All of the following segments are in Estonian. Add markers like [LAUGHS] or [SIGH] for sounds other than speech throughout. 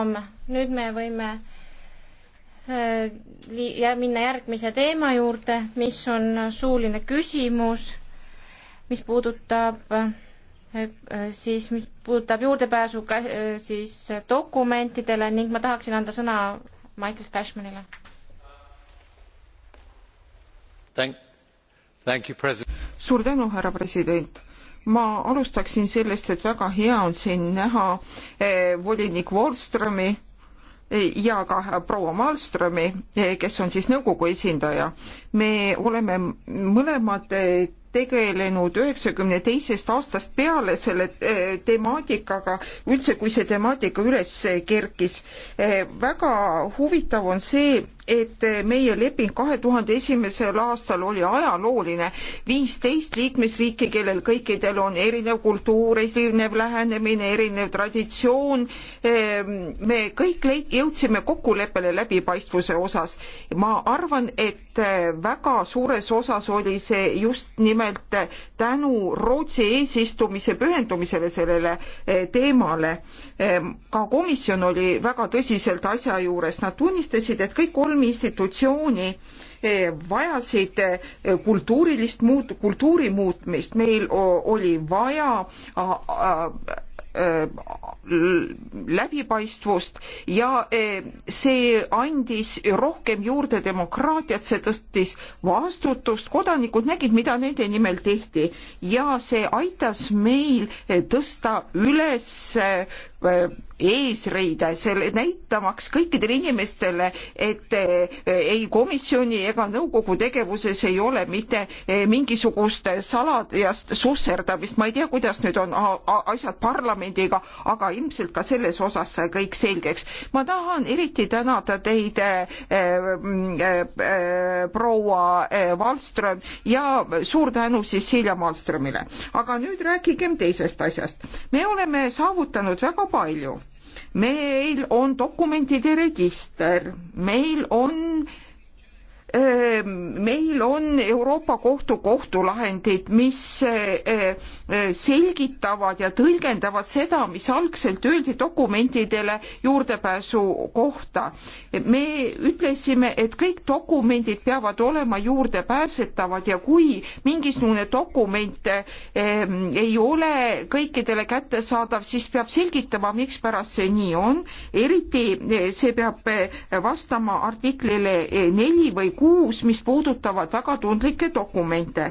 homme. nüüd me võime äh, minna järgmise teema juurde, mis on suuline küsimus, mis puudutab äh, äh, siis, mis puudutab juurdepääsu siis dokumentidele ning ma tahaksin anda sõna Michael Cashmanile. suur tänu, härra president ma alustaksin sellest, et väga hea on siin näha eh, volinik Wallströmi eh, ja ka proua Malmströmi, eh, kes on siis nõukogu esindaja. me oleme mõlemad tegelenud üheksakümne teisest aastast peale selle temaatikaga, üldse kui see temaatika üles kerkis. väga huvitav on see, et meie leping kahe tuhande esimesel aastal oli ajalooline. viisteist liikmesriiki, kellel kõikidel on erinev kultuur, esinev lähenemine, erinev traditsioon. Ehm, me kõik leid, jõudsime kokkuleppele läbipaistvuse osas. ma arvan, et eh, väga suures osas oli see just nimelt tänu Rootsi eesistumise pühendumisele sellele eh, teemale. Ehm, ka komisjon oli väga tõsiselt asja juures, nad tunnistasid, et kõik kolm kolm institutsiooni eh, vajasid eh, kultuurilist muut-, kultuuri muutmist, meil oli vaja Äh, läbipaistvust ja äh, see andis rohkem juurde demokraatiat, see tõstis vastutust, kodanikud nägid, mida nende nimel tehti ja see aitas meil äh, tõsta üles eesriide, selle näitamaks kõikidele inimestele, et ei komisjoni ega nõukogu tegevuses ei ole mitte mingisugust salajast susserdamist, ma ei tea, kuidas nüüd on asjad parlamendiga, aga ilmselt ka selles osas sai kõik selgeks. ma tahan eriti tänada teid äh, äh, proua äh, Wallström ja suur tänu siis Silja Wallströmile. aga nüüd rääkigem teisest asjast. me oleme saavutanud väga palju. meil on dokumentide register, meil on äh, meil on Euroopa Kohtu kohtulahendid, mis selgitavad ja tõlgendavad seda, mis algselt öeldi dokumentidele juurdepääsu kohta. me ütlesime, et kõik dokumendid peavad olema juurdepääsetavad ja kui mingisugune dokument ei ole kõikidele kättesaadav, siis peab selgitama, mikspärast see nii on, eriti see peab vastama artiklile neli või kuus, mis puudutavad väga tundlikke dokumente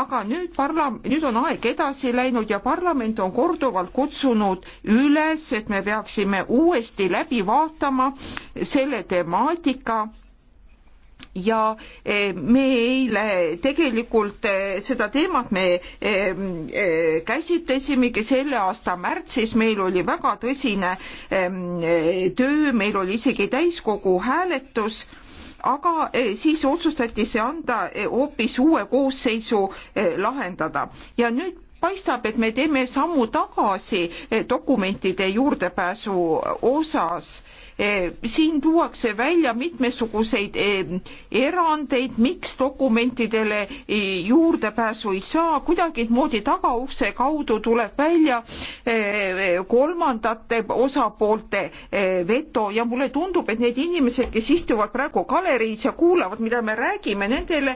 aga nüüd parla-, nüüd on aeg edasi läinud ja parlament on korduvalt kutsunud üles, et me peaksime uuesti läbi vaatama selle temaatika ja eh, me eile tegelikult eh, seda teemat me eh, käsitlesimegi selle aasta märtsis, meil oli väga tõsine töö, meil oli isegi täiskogu hääletus aga eh, siis otsustati see anda eh, hoopis uue koosseisu eh, lahendada ja nüüd paistab, et me teeme sammu tagasi dokumentide juurdepääsu osas Eh, siin tuuakse välja mitmesuguseid eh, erandeid, miks dokumentidele eh, juurdepääsu ei saa, kuidagimoodi tagaukse kaudu tuleb välja kolmandate osapoolte veto ja mulle tundub, et need inimesed, kes istuvad praegu galeriis ja kuulavad, mida me räägime, nendele,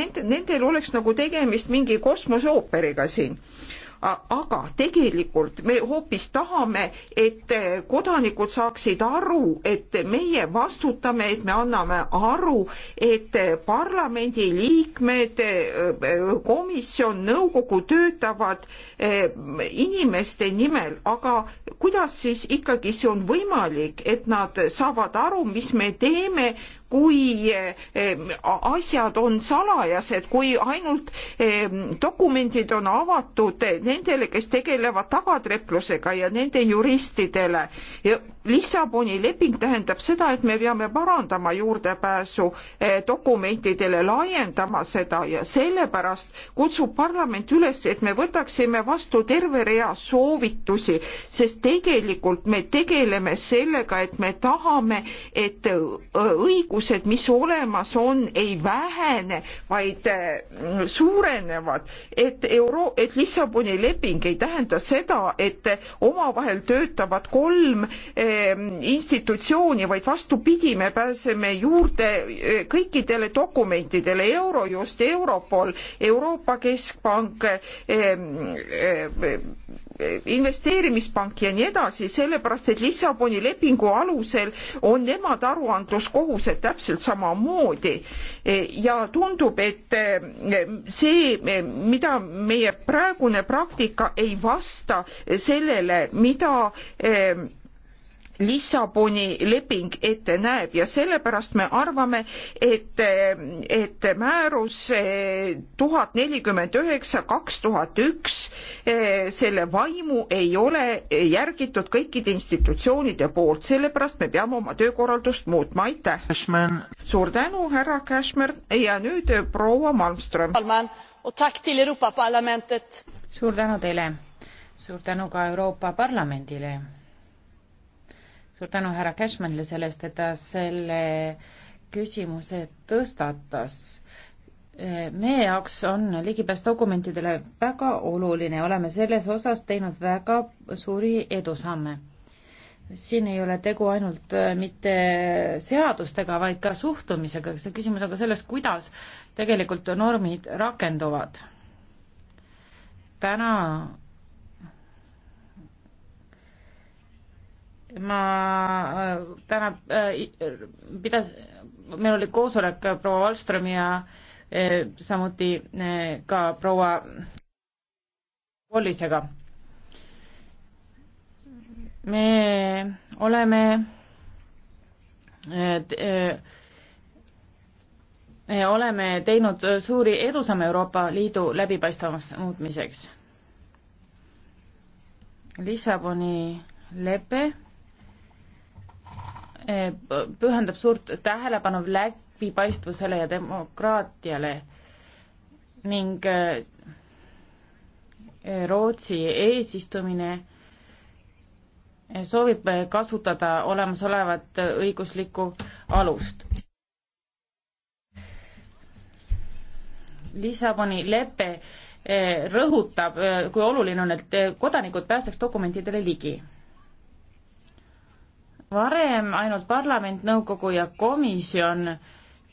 nende, nendel oleks nagu tegemist mingi kosmoseooperiga siin aga tegelikult me hoopis tahame, et kodanikud saaksid aru, et meie vastutame, et me anname aru, et parlamendi liikmed, komisjon, nõukogu töötavad eh, inimeste nimel, aga kuidas siis ikkagi see on võimalik, et nad saavad aru, mis me teeme, kui eh, asjad on salajased, kui ainult eh, dokumendid on avatud nendele, kes tegelevad tagatreplusega ja nende juristidele ja Lissaboni leping tähendab seda, et me peame parandama juurdepääsu eh, dokumentidele, laiendama seda ja sellepärast kutsub parlament üles, et me võtaksime vastu terve rea soovitusi, sest tegelikult me tegeleme sellega, et me tahame, et eh, õigused, mis olemas on, ei vähene, vaid eh, suurenevad, et euro, et Lissaboni leping ei tähenda seda, et omavahel töötavad kolm institutsiooni, vaid vastupidi, me pääseme juurde kõikidele dokumentidele, Eurojust, Europol, Euroopa Keskpank, investeerimispank ja nii edasi, sellepärast et Lissaboni lepingu alusel on nemad aruandluskohused täpselt samamoodi. ja tundub, et see, mida meie praegune praktika ei vasta sellele, mida Lissaboni leping ette näeb ja sellepärast me arvame, et, et määrus eh, tuhat nelikümmend üheksa, kaks tuhat üks, eh, selle vaimu ei ole järgitud kõikide institutsioonide poolt, sellepärast me peame oma töökorraldust muutma, aitäh. suur tänu, härra Cashmer ja nüüd eh, proua Malmström. suur tänu teile, suur tänu ka Euroopa Parlamendile suur tänu härra Cashmanile selle eest, et ta selle küsimuse tõstatas. meie jaoks on ligipääs dokumentidele väga oluline, oleme selles osas teinud väga suuri edusamme. siin ei ole tegu ainult äh, mitte seadustega, vaid ka suhtumisega, see küsimus on ka selles, kuidas tegelikult normid rakenduvad. täna ma äh, täna äh, pidas, meil oli koosolek proua Wallströmi ja äh, samuti äh, ka proua Wallisega. me oleme et, äh, me äh, oleme teinud suuri edusamme Euroopa Liidu läbipaistvamaks muutmiseks. Lissaboni lepe pühendab suurt tähelepanu läbipaistvusele ja demokraatiale ning äh, Rootsi eesistumine soovib kasutada olemasolevat õiguslikku alust. Lissaboni lepe äh, rõhutab, äh, kui oluline on, et kodanikud pääseks dokumentidele ligi varem ainult parlament, nõukogu ja komisjon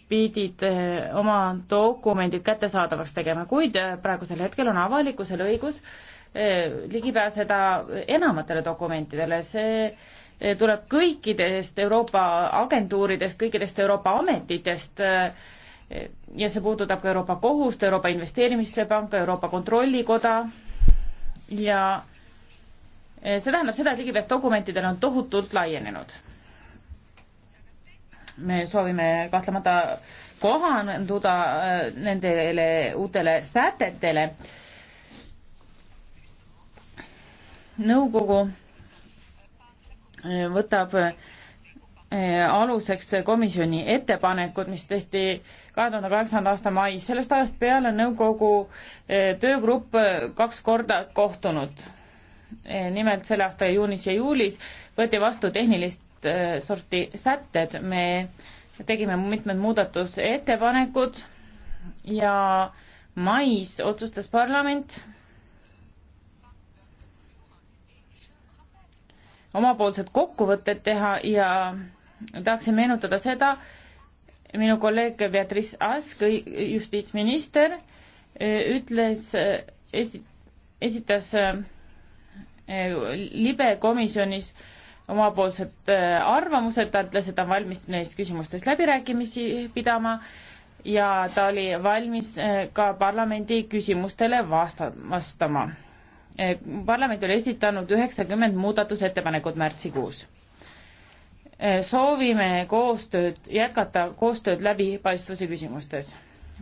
pidid eh, oma dokumendid kättesaadavaks tegema, kuid eh, praegusel hetkel on avalikkusel õigus eh, ligi pääseda enamatele dokumentidele, see tuleb kõikidest Euroopa agentuuridest, kõikidest Euroopa ametitest ja see puudutab ka Euroopa Kohust, Euroopa Investeerimispanka, Euroopa Kontrollikoda ja Eh, see tähendab seda, et ligipääs dokumentidele on tohutult laienenud. me soovime kahtlemata kohanduda eh, nendele uutele sätetele. nõukogu eh, võtab aluseks komisjoni ettepanekud, mis tehti kahe tuhande kaheksanda aasta mais. sellest ajast peale on nõukogu töögrupp kaks korda kohtunud Eh, nimelt selle aasta juunis ja juulis võeti vastu tehnilist eh, sorti sätted, me tegime mitmed muudatusettepanekud ja mais otsustas parlament omapoolsed kokkuvõtted teha ja tahaksin meenutada seda, minu kolleeg Beatrice Ask, justiitsminister, eh, ütles, esitas libe komisjonis omapoolsed äh, arvamused, ta ütles, et ta on valmis neis küsimustes läbirääkimisi pidama ja ta oli valmis äh, ka parlamendi küsimustele vasta-, vastama. Äh, parlament oli esitanud üheksakümmend muudatusettepanekut märtsikuus. soovime koostööd, jätkata koostööd läbipaistvuse küsimustes.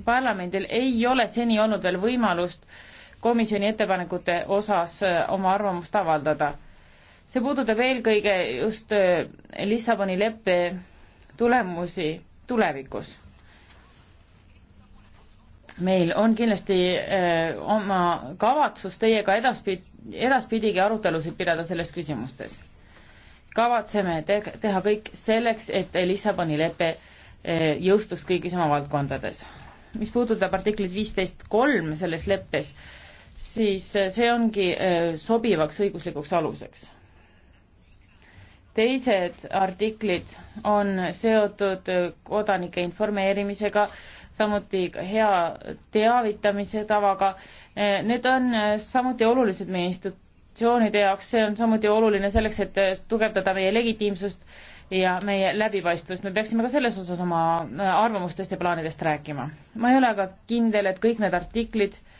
parlamendil ei ole seni olnud veel võimalust äh, komisjoni ettepanekute osas äh, oma arvamust avaldada. see puudutab eelkõige just äh, Lissaboni leppe tulemusi tulevikus. meil on kindlasti öö, äh, oma kavatsus teiega edaspidi, edaspidigi arutelusid pidada selles küsimustes. kavatseme te teha kõik selleks, et Lissaboni lepe öö, jõustuks kõigis oma valdkondades. mis puudutab artiklit viisteist kolm selles leppes, siis eh, see ongi eh, sobivaks õiguslikuks aluseks. teised artiklid on seotud eh, kodanike informeerimisega, samuti hea teavitamise tavaga. Need on samuti olulised meie institutsioonide jaoks, see on samuti oluline selleks, et tugevdada meie legitiimsust ja meie läbipaistvust, me peaksime ka selles osas oma arvamustest ja plaanidest rääkima. ma ei ole aga kindel, et kõik need artiklid äh,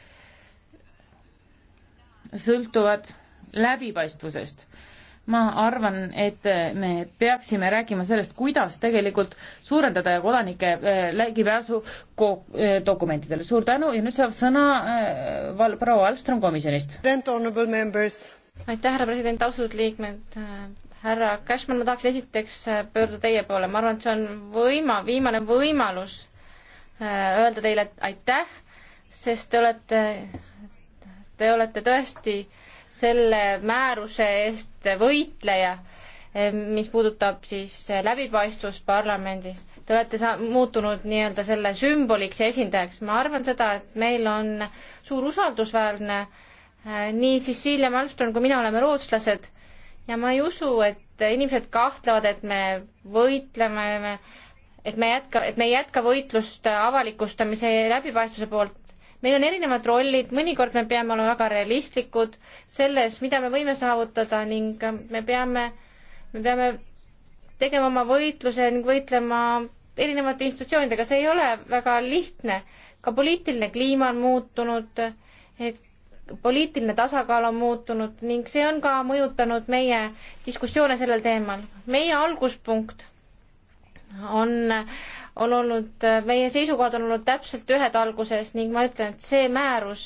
sõltuvad läbipaistvusest. ma arvan, et me peaksime rääkima sellest, kuidas tegelikult suurendada kodanike äh, ligipääsu äh, dokumentidele. suur tänu ja nüüd saab sõna äh, val-, proua Alström komisjonist. aitäh, härra president, austatud liikmed, härra Cashman, ma tahaks esiteks pöörduda teie poole, ma arvan, et see on võima-, viimane võimalus öelda teile aitäh, sest te olete te olete tõesti selle määruse eest võitleja, eh, mis puudutab siis läbipaistvust parlamendis. Te olete sa-, muutunud nii-öelda selle sümboliks ja esindajaks. ma arvan seda, et meil on suur usaldusväärne eh, nii Cecilia Malmström kui mina oleme rootslased ja ma ei usu, et inimesed kahtlevad, et me võitleme, et me jätka, et me ei jätka võitlust avalikustamise ja läbipaistvuse poolt meil on erinevad rollid, mõnikord me peame olema väga realistlikud selles, mida me võime saavutada ning me peame, me peame tegema oma võitluse ning võitlema erinevate institutsioonidega, see ei ole väga lihtne. ka poliitiline kliima on muutunud, poliitiline tasakaal on muutunud ning see on ka mõjutanud meie diskussioone sellel teemal. meie alguspunkt on, on olnud, meie seisukohad on olnud täpselt ühed alguses ning ma ütlen, et see määrus,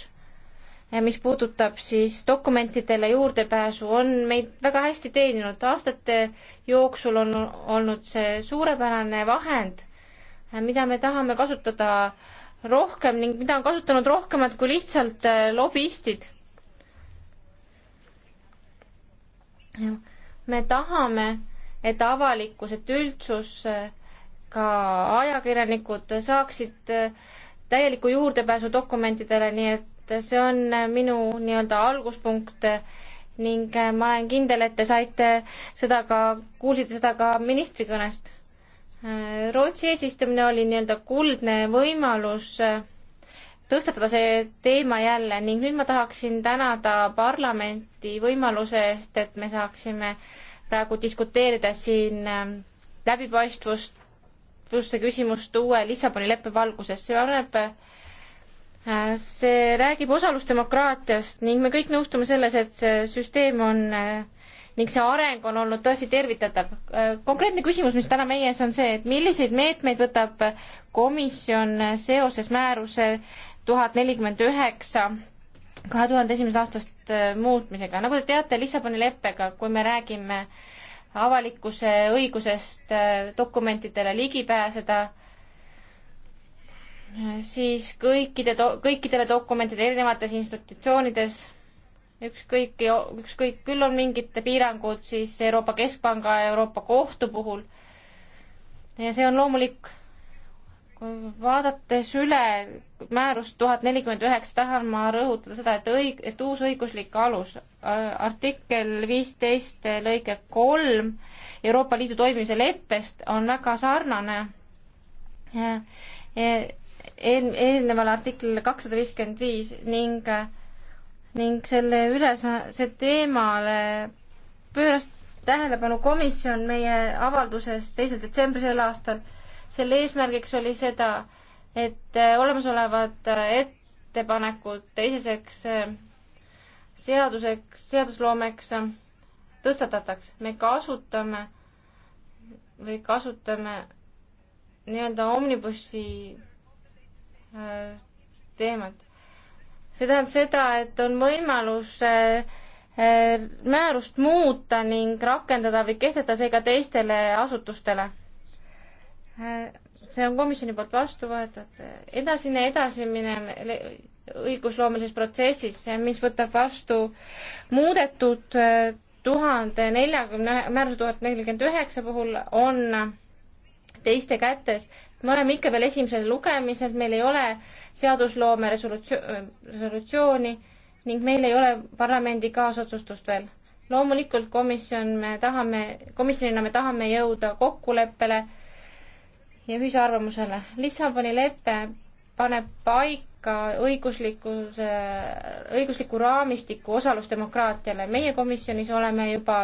mis puudutab siis dokumentidele juurdepääsu, on meid väga hästi teeninud. aastate jooksul on olnud see suurepärane vahend, mida me tahame kasutada rohkem ning mida on kasutanud rohkemad kui lihtsalt äh, lobistid. me tahame, et avalikkus, et üldsus äh, ka ajakirjanikud saaksid täielikku juurdepääsu dokumentidele, nii et see on minu nii-öelda alguspunkt ning ma olen kindel, et te saite seda ka, kuulsite seda ka ministri kõnest. Rootsi eesistumine oli nii-öelda kuldne võimalus tõstatada see teema jälle ning nüüd ma tahaksin tänada parlamenti võimaluse eest, et me saaksime praegu diskuteerida siin läbipaistvust staatuse küsimust uue Lissaboni leppe valguses, see paneb äh, see räägib osalusdemokraatiast ning me kõik nõustume selles, et see süsteem on äh, ning see areng on olnud tõesti tervitatav. Äh, konkreetne küsimus, mis täna meie ees on see, et milliseid meetmeid võtab komisjon seoses määruse tuhat nelikümmend üheksa kahe tuhande esimesest aastast muutmisega. nagu te teate, Lissaboni leppega, kui me räägime äh, avalikkuse õigusest äh, dokumentidele ligi pääseda, siis kõikide, kõikidele dokumentidele erinevates institutsioonides, ükskõik, ükskõik, küll on mingid piirangud siis Euroopa Keskpanga ja Euroopa Kohtu puhul. ja see on loomulik, vaadates üle määrust tuhat nelikümmend üheksa tahan ma rõhutada seda, et õig-, et uus õiguslik alus, artikkel viisteist lõige kolm Euroopa Liidu toimimise leppest on väga sarnane eel-, eelnevale artiklile kakssada viiskümmend viis ning, ning selle üles-, see teemale pööras tähelepanu komisjon meie avalduses teisel detsembril sel aastal. selle eesmärgiks oli seda, et äh, olemasolevad äh, ettepanekud teiseseks äh, seaduseks, seadusloomeks tõstatataks. me kasutame või kasutame nii-öelda omnibussi teemat. see tähendab seda, et on võimalus määrust muuta ning rakendada või kehtestada see ka teistele asutustele see on komisjoni poolt vastu võetud. edasine edasiminev õigusloomelises protsessis, mis võtab vastu muudetud äh, tuhande neljakümne, määruse tuhat nelikümmend üheksa puhul on teiste kätes. me oleme ikka veel esimesel lugemisel, meil ei ole seadusloome resolutsioon, äh, resolutsiooni ning meil ei ole parlamendi kaasotsustust veel. loomulikult komisjon, me tahame, komisjonina me tahame jõuda kokkuleppele ja ühisarvamusele. Lissaboni lepe paneb paika õiguslikkuse, õigusliku raamistiku osalusdemokraatiale. meie komisjonis oleme juba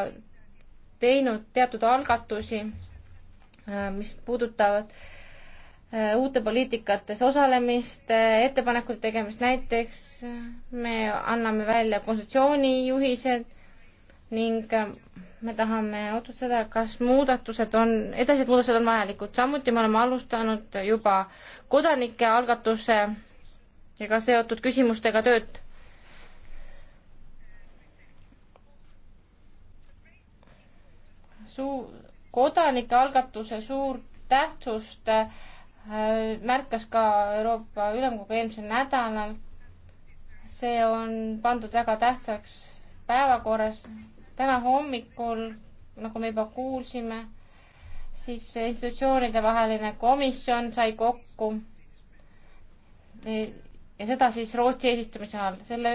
teinud teatud algatusi, äh, mis puudutavad äh, uute poliitikates osalemist, äh, ettepanekute tegemist, näiteks me anname välja konstitutsioonijuhised ning äh, me tahame otsustada, kas muudatused on, edasised muudatused on vajalikud, samuti me oleme alustanud juba kodanike algatusega seotud küsimustega tööd. suu-, kodanike algatuse suurt tähtsust äh, märkas ka Euroopa Ülemkogu eelmisel nädalal. see on pandud väga tähtsaks päevakorras täna hommikul, nagu me juba kuulsime, siis institutsioonide vaheline komisjon sai kokku ja seda siis Rootsi eesistumise all. selle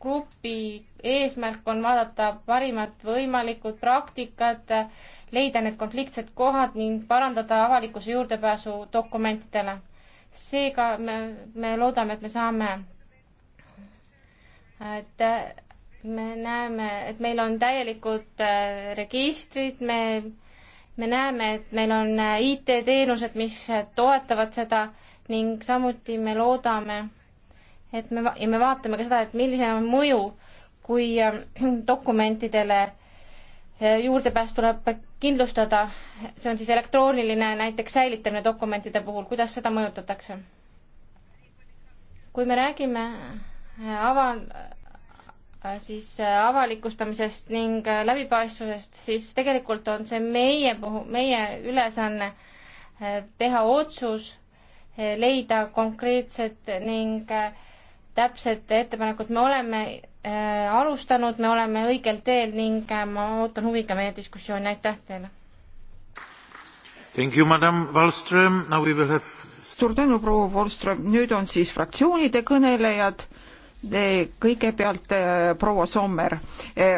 grupi eesmärk on vaadata parimad võimalikud praktikad, leida need konfliktsed kohad ning parandada avalikkuse juurdepääsu dokumentidele. seega me, me loodame, et me saame et me näeme, et meil on täielikud äh, registrid, me, me näeme, et meil on äh, IT-teenused, mis äh, toetavad seda ning samuti me loodame, et me ja me vaatame ka seda, et milline on mõju, kui [CLEARS THROAT] dokumentidele juurdepääs tuleb kindlustada, see on siis elektrooniline näiteks säilitamine dokumentide puhul, kuidas seda mõjutatakse? kui me räägime ava-, Äh, siis äh, avalikustamisest ning äh, läbipaistvusest, siis tegelikult on see meie puhul, meie ülesanne teha otsus, leida konkreetsed ning täpsed ettepanekud, me oleme alustanud, me oleme õigel teel ning ma ootan huviga meie diskussiooni, aitäh teile! suur tänu, proua Wallström, nüüd on siis fraktsioonide kõnelejad kõigepealt proua Sommer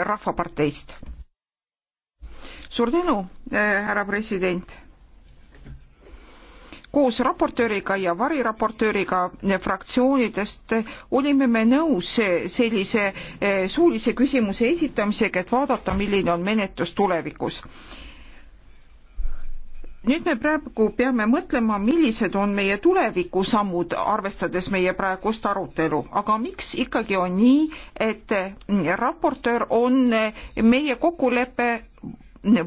Rahvaparteist. suur tänu, härra president. koos raportööriga ja variraportööriga fraktsioonidest olime me nõus sellise suulise küsimuse esitamisega, et vaadata, milline on menetlus tulevikus nüüd me praegu peame mõtlema, millised on meie tulevikusammud, arvestades meie praegust arutelu, aga miks ikkagi on nii, et raportöör on meie kokkuleppe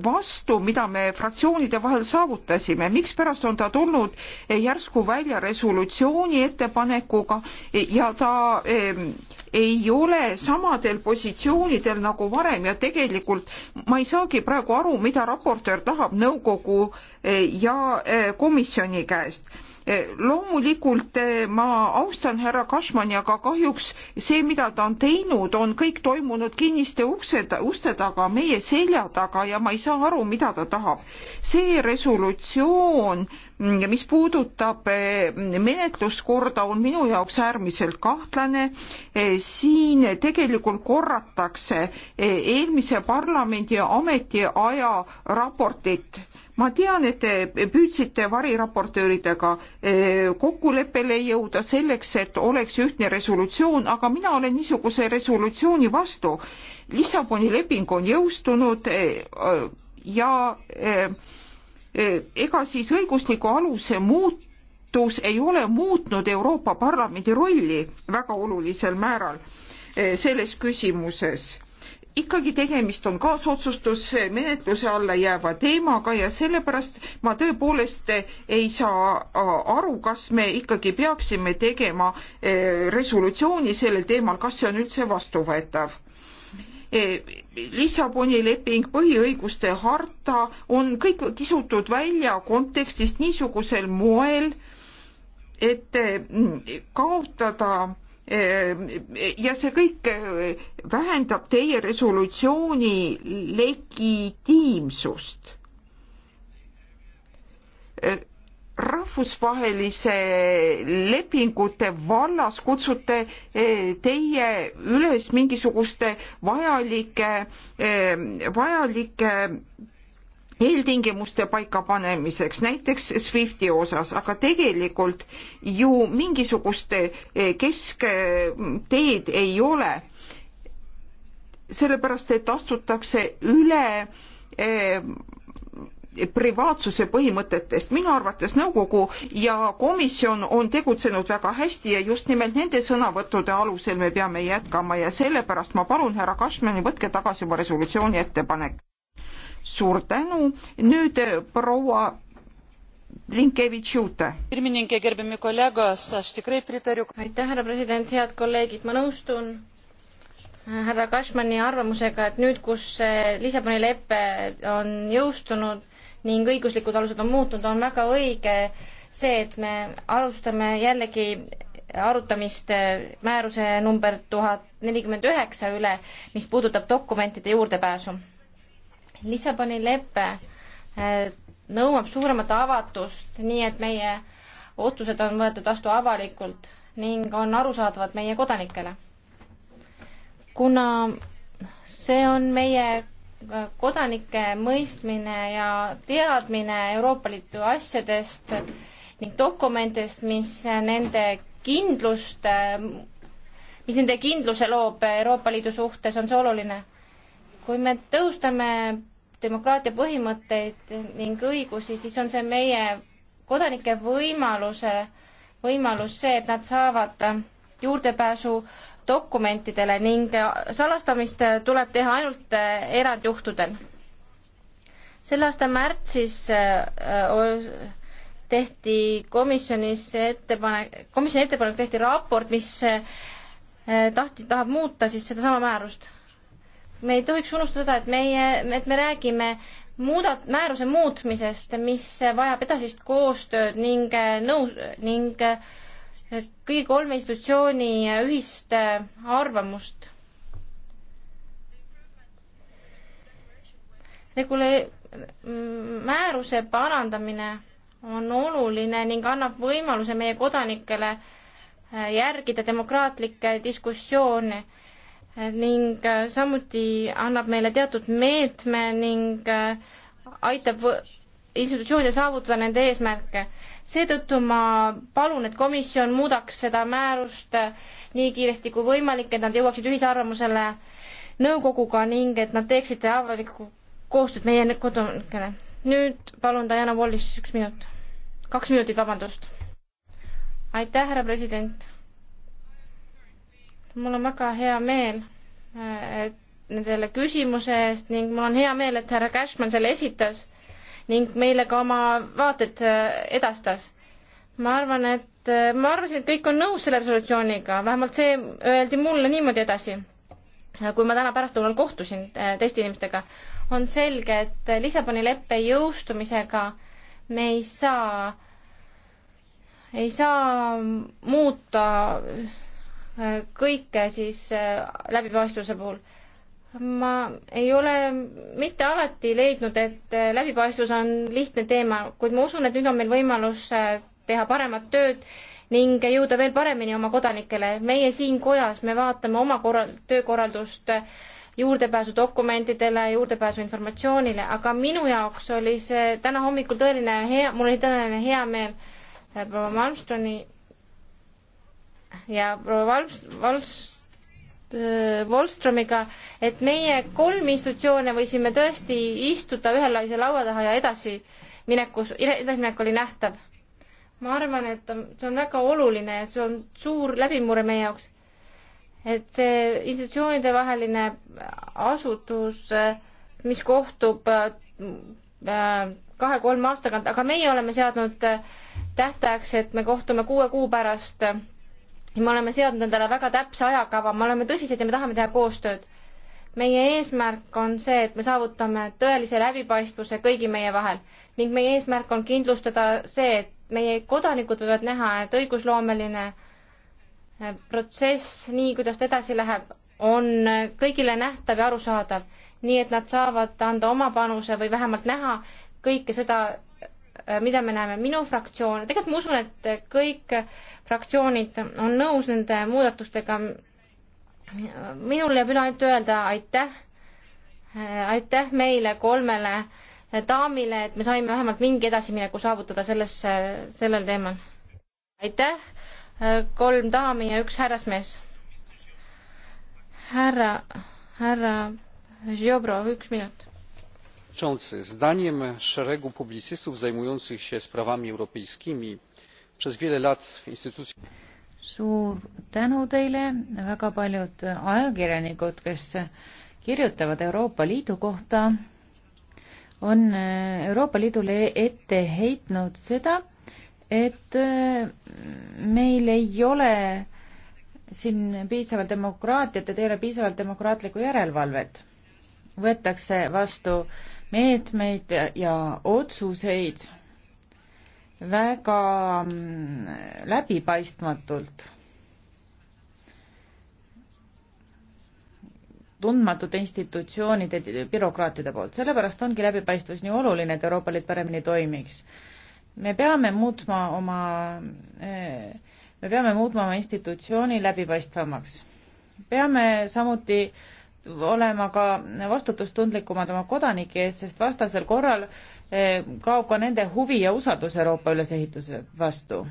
vastu, mida me fraktsioonide vahel saavutasime, mikspärast on ta tulnud järsku välja resolutsiooni ettepanekuga ja ta ei ole samadel positsioonidel nagu varem ja tegelikult ma ei saagi praegu aru, mida raportöör tahab nõukogu eh, ja eh, komisjoni käest Eh, loomulikult eh, ma austan härra Kašmani, aga kahjuks see, mida ta on teinud, on kõik toimunud kinniste ukse, uste taga, meie selja taga ja ma ei saa aru, mida ta tahab. see resolutsioon, mm, mis puudutab eh, menetluskorda, on minu jaoks äärmiselt kahtlane. siin tegelikult korratakse eelmise parlamendi ametiaja raportit ma tean, et te püüdsite variraportööridega eh, kokkuleppele jõuda selleks, et oleks ühtne resolutsioon, aga mina olen niisuguse resolutsiooni vastu. Lissaboni leping on jõustunud eh, ja eh, ega siis õigusliku aluse muutus ei ole muutnud Euroopa Parlamendi rolli väga olulisel määral selles küsimuses ikkagi tegemist on kaasotsustusmenetluse alla jääva teemaga ja sellepärast ma tõepoolest ei saa aru, kas me ikkagi peaksime tegema eh, resolutsiooni sellel teemal, kas see on üldse vastuvõetav. Eh, Lissaboni leping, põhiõiguste harta on kõik kisutud välja kontekstist niisugusel moel, et eh, kaotada Ehm, ja see kõik eh, vähendab teie resolutsiooni legitiimsust. Eh, rahvusvahelise lepingute vallas kutsute eh, teie üles mingisuguste vajalike, vajalike eeltingimuste paikapanemiseks, näiteks SWIFTi osas, aga tegelikult ju mingisugust eh, keskteed ei ole. sellepärast, et astutakse üle eh, privaatsuse põhimõtetest. minu arvates nõukogu ja komisjon on tegutsenud väga hästi ja just nimelt nende sõnavõttude alusel me peame jätkama ja sellepärast ma palun, härra Kašmani, võtke tagasi oma resolutsiooni ettepanek suur tänu, nüüd eh, proua aitäh härra president head kolleegid ma nõustun äh, härra cashmani arvamusega et nüüd kus lissaboni lepe on jõustunud ning õiguslikud alused on muutunud on väga õige see et me alustame jällegi arutamist äh, määruse number tuhat nelikümmend üheksa üle mis puudutab dokumentide juurdepääsu Lissaboni lepe eh, nõuab suuremat avatust, nii et meie otsused on võetud vastu avalikult ning on arusaadavad meie kodanikele. kuna see on meie eh, kodanike mõistmine ja teadmine Euroopa Liidu asjadest ning dokumentidest, mis nende kindlust, eh, mis nende kindluse loob Euroopa Liidu suhtes, on see oluline. kui me tõustame demokraatia põhimõtteid ning õigusi, siis on see meie kodanike võimaluse, võimalus see, et nad saavad juurdepääsu dokumentidele ning salastamist tuleb teha ainult eh, erandjuhtudel. selle aasta märtsis eh, tehti komisjonis ettepanek, komisjoni ettepanek tehti raport, mis eh, tahti, tahab muuta siis sedasama määrust me ei tohiks unustada, et meie, et me räägime muudat-, määruse muutmisest, mis vajab edasist koostööd ning äh, nõus, ning äh, kõigi kolme institutsiooni äh, ühist arvamust. Regule-, mm, määruse parandamine on oluline ning annab võimaluse meie kodanikele järgida demokraatlikke diskussioone ning äh, samuti annab meile teatud meetme ning äh, aitab institutsioone saavutada nende eesmärke. seetõttu ma palun, et komisjon muudaks seda määrust äh, nii kiiresti kui võimalik, et nad jõuaksid ühisarvamusele nõukoguga ning et nad teeksid avalikku koostööd meie kodunikele. nüüd palun Diana Wallis üks minut, kaks minutit, vabandust. aitäh, härra president mul on väga hea meel, äh, et nendele küsimuse eest ning mul on hea meel, et härra Cashman selle esitas ning meile ka oma vaated äh, edastas. ma arvan, et, äh, ma arvasin, et kõik on nõus selle resolutsiooniga, vähemalt see öeldi mulle niimoodi edasi. kui ma täna pärastlõunal kohtusin teiste inimestega, on selge, et Lissaboni leppe jõustumisega me ei saa, ei saa muuta kõike siis äh, läbipaistvuse puhul. ma ei ole mitte alati leidnud, et äh, läbipaistvus on lihtne teema, kuid ma usun, et nüüd on meil võimalus äh, teha paremat tööd ning jõuda veel paremini oma kodanikele. meie siin kojas, me vaatame oma korral-, töökorraldust juurdepääsu dokumentidele, juurdepääsu informatsioonile, aga minu jaoks oli see täna hommikul tõeline hea, mul oli tõeline hea meel proua Malmstroni ja proua Valms, Valms, Volstromiga, äh, et meie kolm institutsioone võisime tõesti istuda ühe laise laua taha ja edasi minekus, edasiminek oli nähtav. ma arvan, et see on väga oluline, see on suur läbimurre meie jaoks. et see institutsioonide vaheline asutus, äh, mis kohtub äh, kahe-kolme aasta tagant, aga meie oleme seadnud tähtajaks, et me kohtume kuue kuu pärast me oleme seadnud endale väga täpse ajakava, me oleme tõsised ja me tahame teha koostööd. meie eesmärk on see, et me saavutame tõelise läbipaistvuse kõigi meie vahel ning meie eesmärk on kindlustada see, et meie kodanikud võivad näha, et õigusloomeline eh, protsess, nii kuidas ta edasi läheb, on eh, kõigile nähtav ja arusaadav, nii et nad saavad anda oma panuse või vähemalt näha kõike seda, Äh, mida me näeme minu fraktsioon, tegelikult ma usun, et kõik fraktsioonid on nõus nende muudatustega. minul jääb üle ainult öelda aitäh, äh, aitäh meile kolmele daamile, et me saime vähemalt mingi edasimineku saavutada selles, sellel teemal. aitäh, äh, kolm daami ja üks härrasmees. härra, härra Žjobrov, üks minut przewodniczący! zdaniem szeregu publicystów zajmujących się sprawami europejskimi przez wiele lat w instytucjach. suur tänu teile väga paljud ajakirjanikud kes kirjutavad euroopa liidu kohta on euroopa liidule ette heitnud seda et meil ei ole siin piisavalt demokraatiat, et ei ole piisavalt demokraatlikku järelevalvet. võetakse vastu äh, meetmeid ja otsuseid väga mm, läbipaistmatult. tundmatute institutsioonide, bürokraatide poolt, sellepärast ongi läbipaistvus nii oluline, et Euroopa Liit paremini toimiks. me peame muutma oma, eh, me peame muutma oma institutsiooni läbipaistvamaks. peame samuti äh, olema ka vastutustundlikumad oma kodanike ees, sest vastasel korral eh, kaob ka nende huvi ja usaldus Euroopa ülesehituse vastu.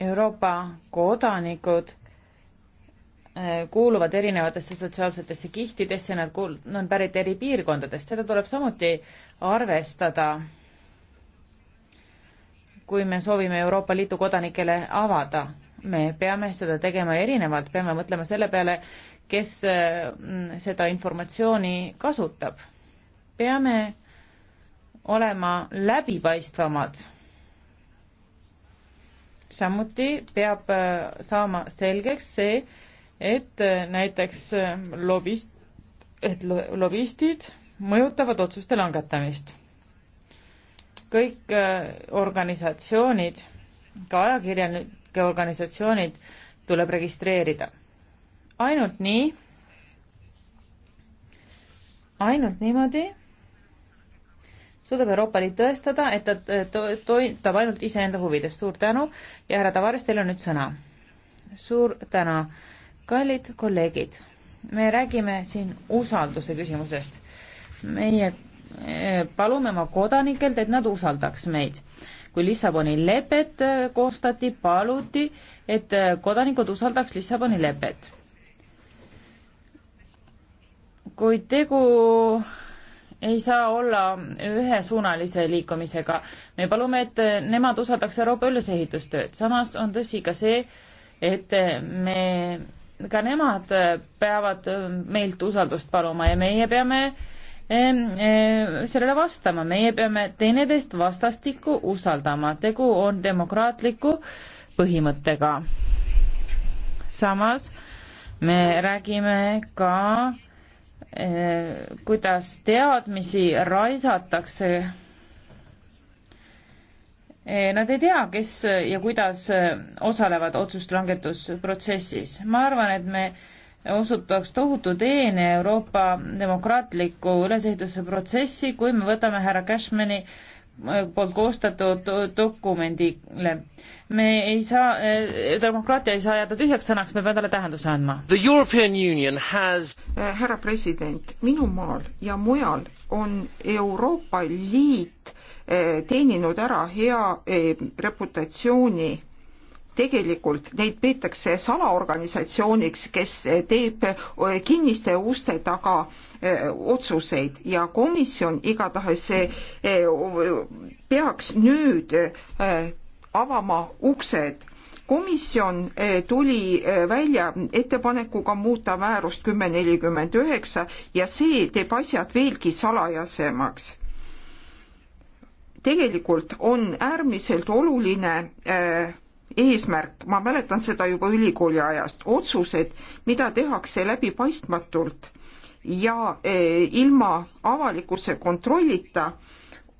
Euroopa kodanikud eh, kuuluvad erinevatesse sotsiaalsetesse kihtidesse, nad kuul-, on pärit eri piirkondadest, seda tuleb samuti arvestada, kui me soovime Euroopa Liidu kodanikele avada me peame seda tegema erinevalt, peame mõtlema selle peale, kes mm, seda informatsiooni kasutab. peame olema läbipaistvamad. samuti peab äh, saama selgeks see, et äh, näiteks äh, lobist, et lobistid mõjutavad otsuste langetamist. kõik organisatsioonid, ka ajakirjan-, organisatsioonid tuleb registreerida. ainult nii, ainult niimoodi suudab Euroopa Liit tõestada, et ta toitab ainult iseenda huvides. suur tänu ja härra Tavares, teil on nüüd sõna. suur tänu. kallid kolleegid, me räägime siin usalduse küsimusest. meie eh, palume oma kodanikelt, et nad usaldaks meid kui Lissaboni lepet äh, koostati, paluti, et äh, kodanikud usaldaks Lissaboni lepet. kuid tegu ei saa olla ühesuunalise liikumisega. me palume, et äh, nemad usaldaks Euroopa ülesehitustööd. samas on tõsi ka see, et me, ka nemad peavad meilt usaldust paluma ja meie peame äh, Eh, sellele vastama, meie peame teineteist vastastikku usaldama, tegu on demokraatliku põhimõttega. samas me räägime ka, eh, kuidas teadmisi raisatakse. Eh, nad ei tea, kes ja kuidas osalevad otsuste langetusprotsessis. ma arvan, et me osutaks tohutu teene Euroopa demokraatliku ülesehituse protsessi, kui me võtame härra Cashmani äh, poolt koostatud dokumendile. me ei saa, äh, demokraatia ei saa jääda tühjaks sõnaks, me peame talle tähenduse andma. Has... Äh, härra president, minu maal ja mujal on Euroopa Liit teeninud ära hea reputatsiooni tegelikult neid peetakse salaorganisatsiooniks, kes teeb kinniste uste taga eh, otsuseid ja komisjon igatahes eh, peaks nüüd eh, avama uksed komisjon tuli välja ettepanekuga muuta määrust kümme nelikümmend üheksa ja see teeb asjad veelgi salajasemaks. tegelikult on äärmiselt oluline äh, eesmärk, ma mäletan seda juba ülikooli ajast, otsused, mida tehakse läbipaistmatult ja eh, ilma avalikkuse kontrollita,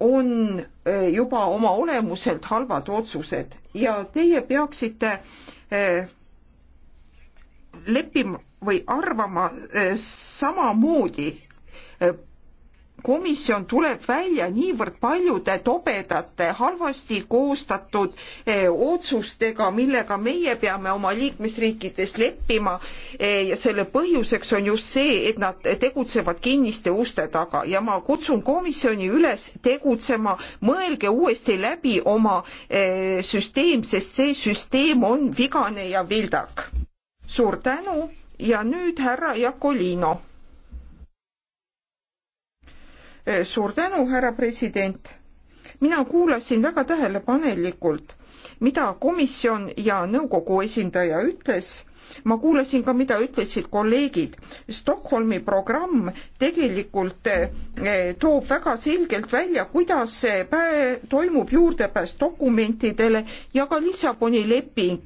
on eh, juba oma olemuselt halvad otsused ja teie peaksite eh, leppima või arvama samamoodi komisjon tuleb välja niivõrd paljude tobedate, halvasti koostatud eh, otsustega, millega meie peame oma liikmesriikides leppima eh, ja selle põhjuseks on just see, et nad tegutsevad kinniste uste taga ja ma kutsun komisjoni üles tegutsema, mõelge uuesti läbi oma eh, süsteem, sest see süsteem on vigane ja vildak. suur tänu ja nüüd härra Jakolino Eh, suur tänu, härra president. mina kuulasin väga tähelepanelikult, mida komisjon ja nõukogu esindaja ütles ma kuulasin ka, mida ütlesid kolleegid. Stockholmi programm tegelikult eh, eh, toob väga selgelt välja, kuidas toimub juurdepääs dokumentidele ja ka Lissaboni leping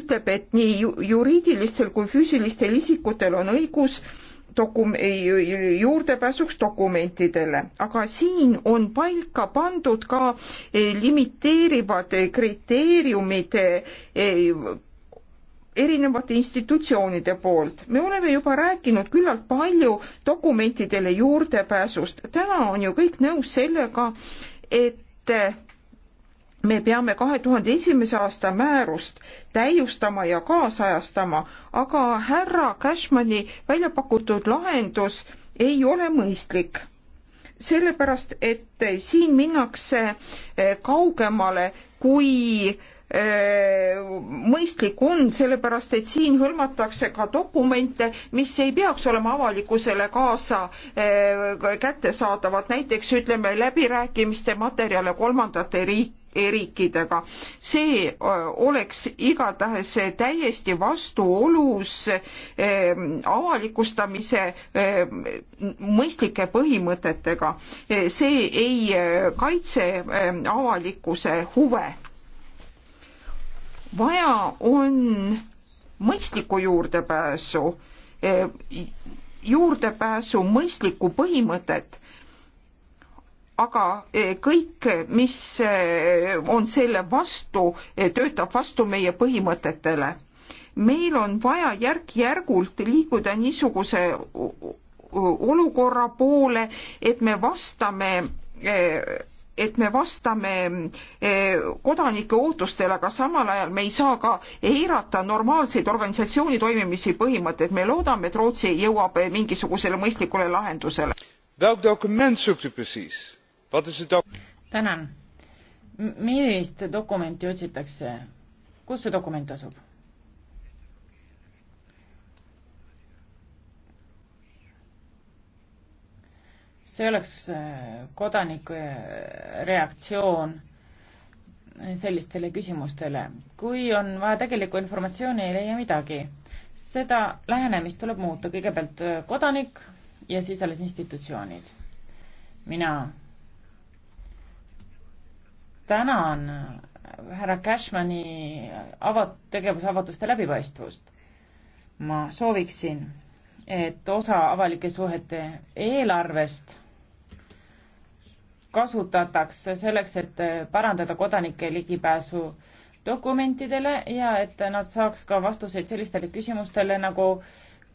ütleb, et nii juriidilistel kui füüsilistel isikutel on õigus dokum-, juurdepääsuks dokumentidele, aga siin on paika pandud ka eh, limiteerivad kriteeriumid eh, erinevate institutsioonide poolt. me oleme juba rääkinud küllalt palju dokumentidele juurdepääsust. täna on ju kõik nõus sellega, et eh, me peame kahe tuhande esimese aasta määrust täiustama ja kaasajastama, aga härra Cashmani välja pakutud lahendus ei ole mõistlik. sellepärast, et siin minnakse eh, kaugemale, kui eh, mõistlik on, sellepärast et siin hõlmatakse ka dokumente, mis ei peaks olema avalikkusele kaasa eh, kättesaadavad, näiteks ütleme läbirääkimiste materjale kolmandate riik-, E riikidega. see oleks igatahes täiesti vastuolus avalikustamise mõistlike põhimõtetega. E, see ei kaitse avalikkuse huve. vaja on mõistlikku juurdepääsu, e, juurdepääsu mõistlikku põhimõtet aga eh, kõik, mis eh, on selle vastu, eh, töötab vastu meie põhimõtetele. meil on vaja järk-järgult liikuda niisuguse olukorra poole, et me vastame et me vastame kodanike ootustele, aga samal ajal me ei saa ka eirata normaalseid organisatsiooni toimimise põhimõtteid. me loodame, et Rootsi jõuab mingisugusele mõistlikule lahendusele. Welk document zoekt u precies? tänan. millist dokumenti otsitakse? kus see dokument asub? see oleks äh, kodaniku äh, reaktsioon sellistele küsimustele. kui on vaja tegelikku informatsiooni, ei leia midagi. seda lähenemist tuleb muuta, kõigepealt äh, kodanik ja siis alles institutsioonid. mina tänan härra Cashmani avat-, tegevusavatuste läbipaistvust. ma sooviksin, et osa avalike suhete eelarvest kasutatakse selleks, et parandada kodanike ligipääsu dokumentidele ja et nad saaks ka vastuseid sellistele küsimustele nagu äh,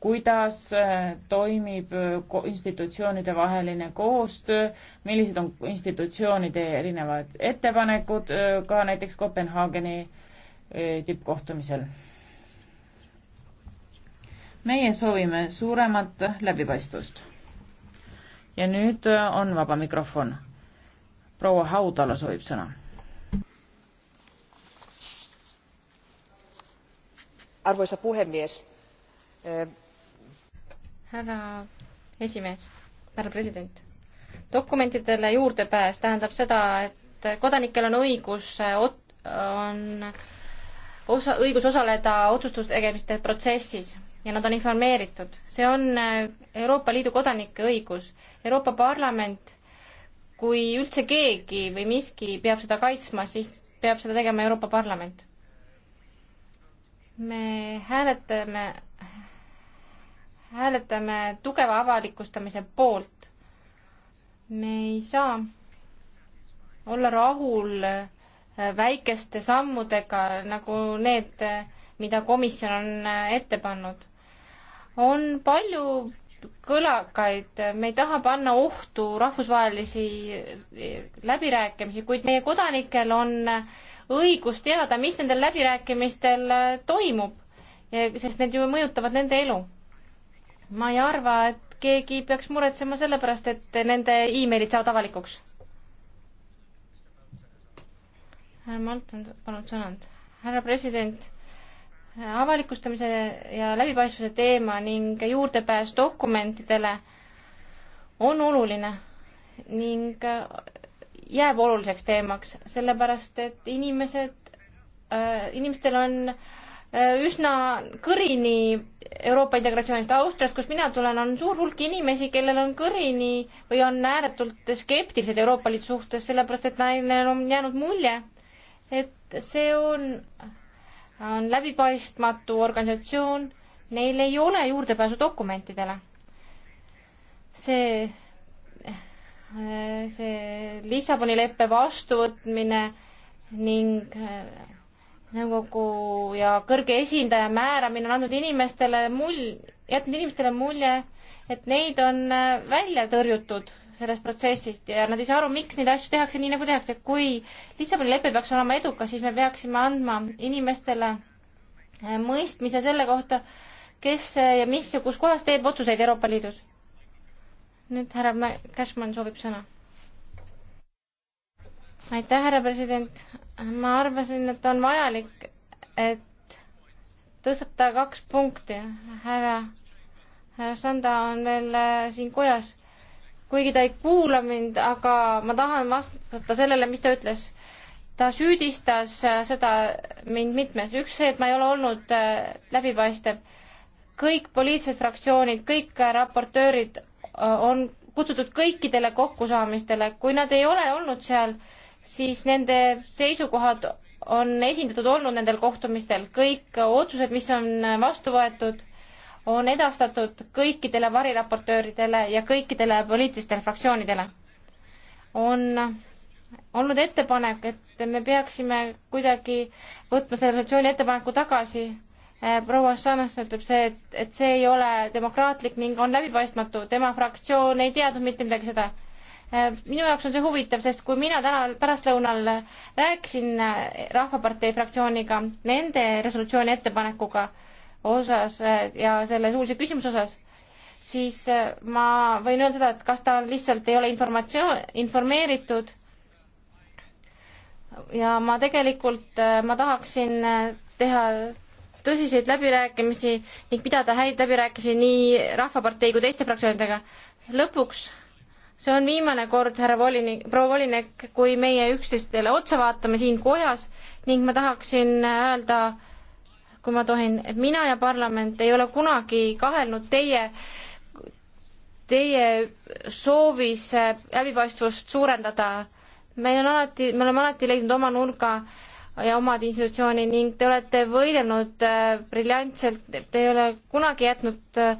kuidas äh, toimib äh, institutsioonide vaheline koostöö, millised on institutsioonide erinevad ettepanekud äh, ka näiteks Kopenhaageni tippkohtumisel. meie soovime suuremat läbipaistvust. ja nüüd on vaba mikrofon. proua Haudala soovib sõna arvoisa puhemies härra esimees, härra president. dokumentidele juurdepääs tähendab seda, et kodanikel on õigus, on osa, õigus osaleda otsustustegemiste protsessis ja nad on informeeritud. see on äh, Euroopa Liidu kodanike õigus. Euroopa Parlament, kui üldse keegi või miski peab seda kaitsma, siis peab seda tegema Euroopa Parlament. me hääletame hääletame tugeva avalikustamise poolt. me ei saa olla rahul äh, väikeste sammudega, nagu need, äh, mida komisjon on äh, ette pannud. on palju kõlakaid, me ei taha panna ohtu rahvusvahelisi läbirääkimisi, kuid meie kodanikel on õigus teada, mis nendel läbirääkimistel toimub, sest need ju mõjutavad nende elu ma ei arva, et keegi peaks muretsema selle pärast, et nende emailid saavad avalikuks. härra Malton, palun sõnand. härra president, avalikustamise ja läbipaistvuse teema ning juurdepääs dokumentidele on oluline ning jääb oluliseks teemaks, sellepärast et inimesed, äh, inimestel on äh, Äh, üsna kõrini Euroopa integratsioonist. Austrias, kust mina tulen, on suur hulk inimesi, kellel on kõrini või on ääretult skeptilised Euroopa Liidu suhtes, sellepärast et neil on jäänud mulje, et see on, on läbipaistmatu organisatsioon, neil ei ole juurdepääsu dokumentidele. see, see Lissaboni leppe vastuvõtmine ning äh, nõukogu ja kõrge esindaja määramine on andnud inimestele mul-, jätnud inimestele mulje, et neid on äh, välja tõrjutud sellest protsessist ja nad ei saa aru, miks neid asju tehakse nii, nagu tehakse. kui Lissaboni lepe peaks olema edukas, siis me peaksime andma inimestele äh, mõistmise selle kohta, kes äh, ja mis ja kus kohas teeb otsuseid Euroopa Liidus. nüüd härra Cashman soovib sõna. aitäh, härra president, ma arvasin, et on vajalik, et tõstata kaks punkti. härra, härra Sanda on veel äh, siin kojas. kuigi ta ei kuula mind, aga ma tahan vastata sellele, mis ta ütles. ta süüdistas äh, seda mind mitmes. üks see, et ma ei ole olnud äh, läbipaistev. kõik poliitilised fraktsioonid, kõik raportöörid on kutsutud kõikidele kokkusaamistele. kui nad ei ole olnud seal, siis nende seisukohad on esindatud olnud nendel kohtumistel, kõik otsused, mis on vastu võetud, on edastatud kõikidele variraportööridele ja kõikidele poliitilistele fraktsioonidele. on olnud ettepanek, et me peaksime kuidagi võtma selle resolutsiooni ettepaneku tagasi. Eh, proua Šanas ütleb see, et, et see ei ole demokraatlik ning on läbipaistmatu, tema fraktsioon ei teadnud mitte midagi seda Äh, minu jaoks on see huvitav, sest kui mina täna pärastlõunal rääkisin äh, Rahvapartei fraktsiooniga nende resolutsiooni ettepanekuga osas äh, ja selle suulise küsimuse osas, siis ma võin öelda seda, et kas ta lihtsalt ei ole informatsioon, informeeritud ja ma tegelikult, ma tahaksin teha tõsiseid läbirääkimisi ning pidada häid läbirääkimisi nii Rahvapartei kui teiste fraktsioonidega. lõpuks see on viimane kord, härra volinik, proua volinik, kui meie üksteistele otsa vaatame siin kojas ning ma tahaksin öelda, kui ma tohin, et mina ja parlament ei ole kunagi kahelnud teie, teie soovis äh, läbipaistvust suurendada. meil on alati, me oleme alati leidnud oma nurga ja omad institutsiooni ning te olete võidelnud äh, briljantselt, te ei ole kunagi jätnud äh,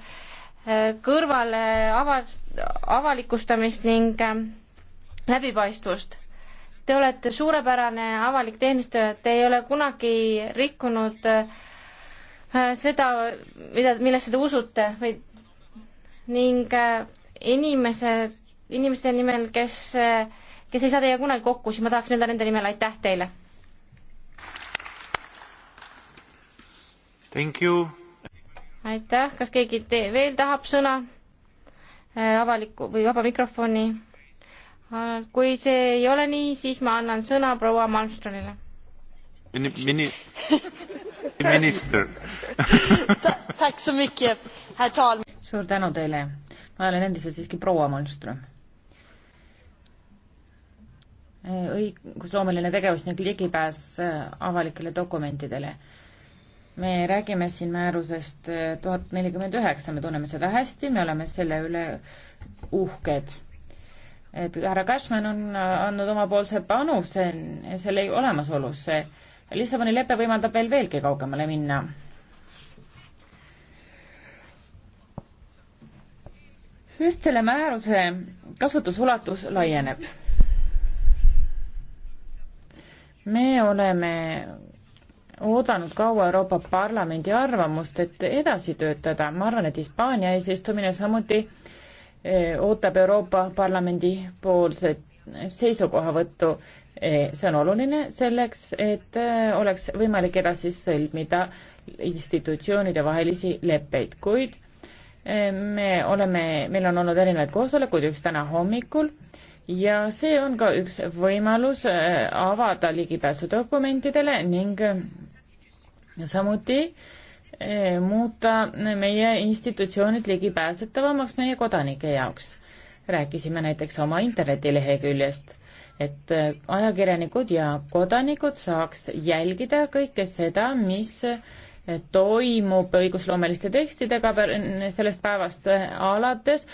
kõrvale avast-, avalikustamist ning äh, läbipaistvust. Te olete suurepärane avalik teenistuja, te ei ole kunagi rikkunud äh, seda, mida, millesse te usute või ning äh, inimese, inimeste nimel, kes, kes ei saa teiega kunagi kokku, siis ma tahaks öelda nende nimel aitäh teile. aitäh, kas keegi te veel tahab sõna? Äh, avaliku või vaba mikrofoni. kui see ei ole nii, siis ma annan sõna proua Malmstronile. Mini, [LAUGHS] minister suur tänu teile. ma olen endiselt siiski proua Malmström. õigusloomeline tegevus ning ligipääs avalikele dokumentidele me räägime siin määrusest äh, tuhat nelikümmend üheksa, me tunneme seda hästi, me oleme selle üle uhked. et härra Cashman on äh, andnud omapoolse panuse selle olemasolusse. Lissaboni lepe võimaldab veel veelgi kaugemale minna. sest selle määruse kasutusulatus laieneb. me oleme oodanud kaua Euroopa Parlamendi arvamust, et edasi töötada. ma arvan, et Hispaania eesistumine samuti eh, ootab Euroopa Parlamendi poolset seisukohavõttu. Eh, see on oluline selleks, et eh, oleks võimalik edasi sõlmida institutsioonide vahelisi leppeid, kuid me oleme, meil on olnud erinevaid koosolekuid, üks täna hommikul ja see on ka üks võimalus avada ligipääsu dokumentidele ning samuti eh, muuta meie institutsioonid ligipääsetavamaks meie kodanike jaoks. rääkisime näiteks oma internetileheküljest, et eh, ajakirjanikud ja kodanikud saaks jälgida kõike seda, mis toimub õigusloomeliste tekstidega sellest päevast äh, alates,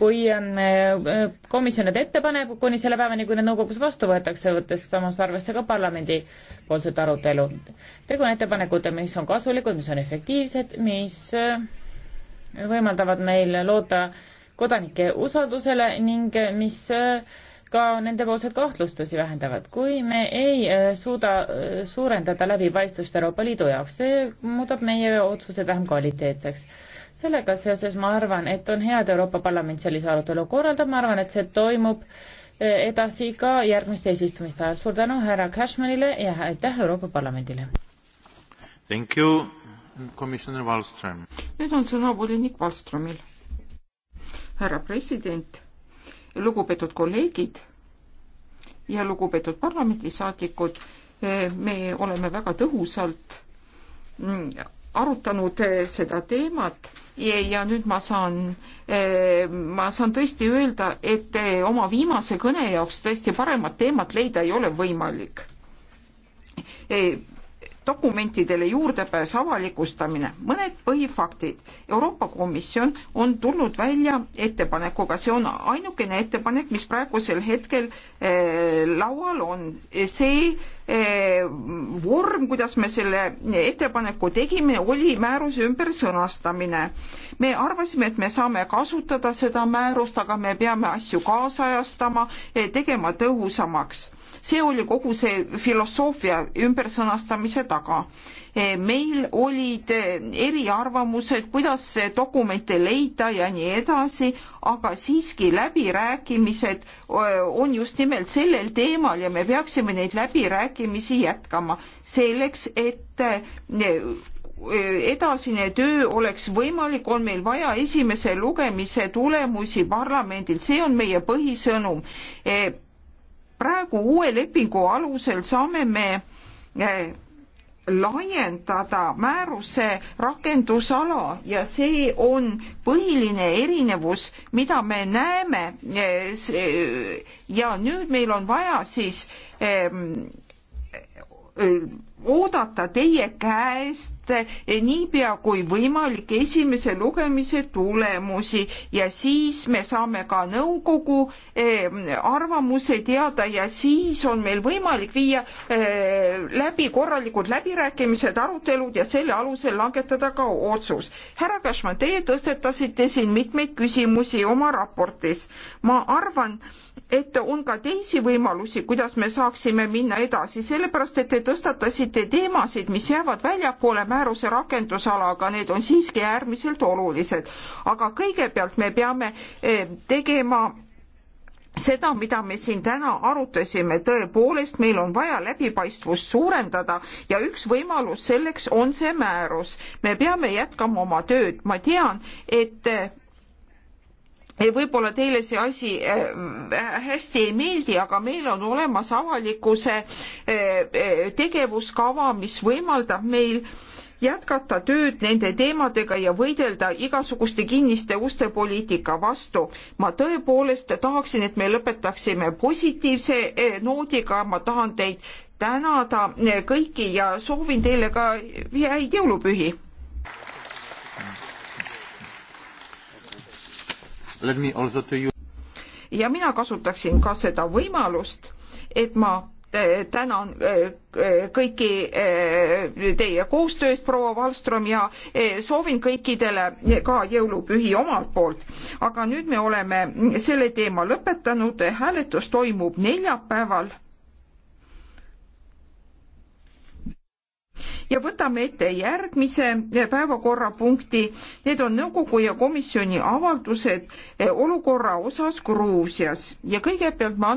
kui ähm, äh, komisjon need ette paneb, kuni selle päevani, kui need nõukogus vastu võetakse, võttes samas arvesse ka parlamendi poolset arutelu. tegu on ettepanekutega, mis on kasulikud, mis on efektiivsed, mis äh, võimaldavad meil loota kodanike usaldusele ning mis ka nendepoolseid kahtlustusi vähendavad. kui me ei äh, suuda äh, suurendada läbipaistvust Euroopa Liidu jaoks, see muudab meie otsused vähem kvaliteetseks. sellega seoses ma arvan, et on hea, et Euroopa Parlament sellise arutelu korraldab, ma arvan, et see toimub äh, edasi ka järgmiste eesistumiste ajal. suur tänu härra Cashmanile ja aitäh Euroopa Parlamendile! Thank you, Commissioner Wallström. nüüd on sõna volinik Wallströmil. härra president lugupeetud kolleegid ja lugupeetud parlamendisaadikud, me oleme väga tõhusalt mm, arutanud eh, seda teemat ja, ja nüüd ma saan, eh, ma saan tõesti öelda, et eh, oma viimase kõne jaoks tõesti paremat teemat leida ei ole võimalik dokumentidele juurdepääs, avalikustamine. mõned põhifaktid. Euroopa Komisjon on tulnud välja ettepanekuga, see on ainukene ettepanek, mis praegusel hetkel eh, laual on. see Äh, vorm, kuidas me selle ettepaneku tegime, oli määruse ümber sõnastamine. me arvasime, et me saame kasutada seda määrust, aga me peame asju kaasajastama, eh, tegema tõhusamaks. see oli kogu see filosoofia ümbersõnastamise taga. Eh, meil olid eh, eriarvamused, kuidas dokumente leida ja nii edasi, aga siiski läbirääkimised on just nimelt sellel teemal ja me peaksime neid läbirääkimisi jätkama selleks, et edasine töö oleks võimalik, on meil vaja esimese lugemise tulemusi parlamendilt, see on meie põhisõnum. praegu uue lepingu alusel saame me laiendada määruse rakendusala ja see on põhiline erinevus, mida me näeme. Eh, ja nüüd meil on vaja siis eh, oodata teie käest niipea kui võimalik esimese lugemise tulemusi ja siis me saame ka nõukogu ehm, arvamuse teada ja siis on meil võimalik viia ehm, läbi korralikud läbirääkimised, arutelud ja selle alusel langetada ka otsus. härra Kašman, teie tõstetasite siin mitmeid küsimusi oma raportis. ma arvan, et on ka teisi võimalusi, kuidas me saaksime minna edasi, sellepärast et te tõstatasite teemasid, mis jäävad väljapoole määruse rakendusala, aga need on siiski äärmiselt olulised. aga kõigepealt me peame eh, tegema seda, mida me siin täna arutasime, tõepoolest meil on vaja läbipaistvust suurendada ja üks võimalus selleks on see määrus. me peame jätkama oma tööd, ma tean, et eh, võib-olla teile see asi äh, äh, hästi ei meeldi, aga meil on olemas avalikkuse äh, tegevuskava, mis võimaldab meil jätkata tööd nende teemadega ja võidelda igasuguste kinniste uste poliitika vastu. ma tõepoolest tahaksin, et me lõpetaksime positiivse noodiga, ma tahan teid tänada kõiki ja soovin teile ka häid jõulupühi ja mina kasutaksin ka seda võimalust, et ma eh, tänan eh, eh, kõiki teie koostööst, proua Valström, ja soovin kõikidele ka jõulupühi omalt poolt. aga nüüd me oleme selle teema lõpetanud, hääletus toimub neljapäeval ja võtame ette järgmise päevakorrapunkti. Need on nõukogu ja komisjoni avaldused olukorra osas Gruusias ja kõigepealt ma annan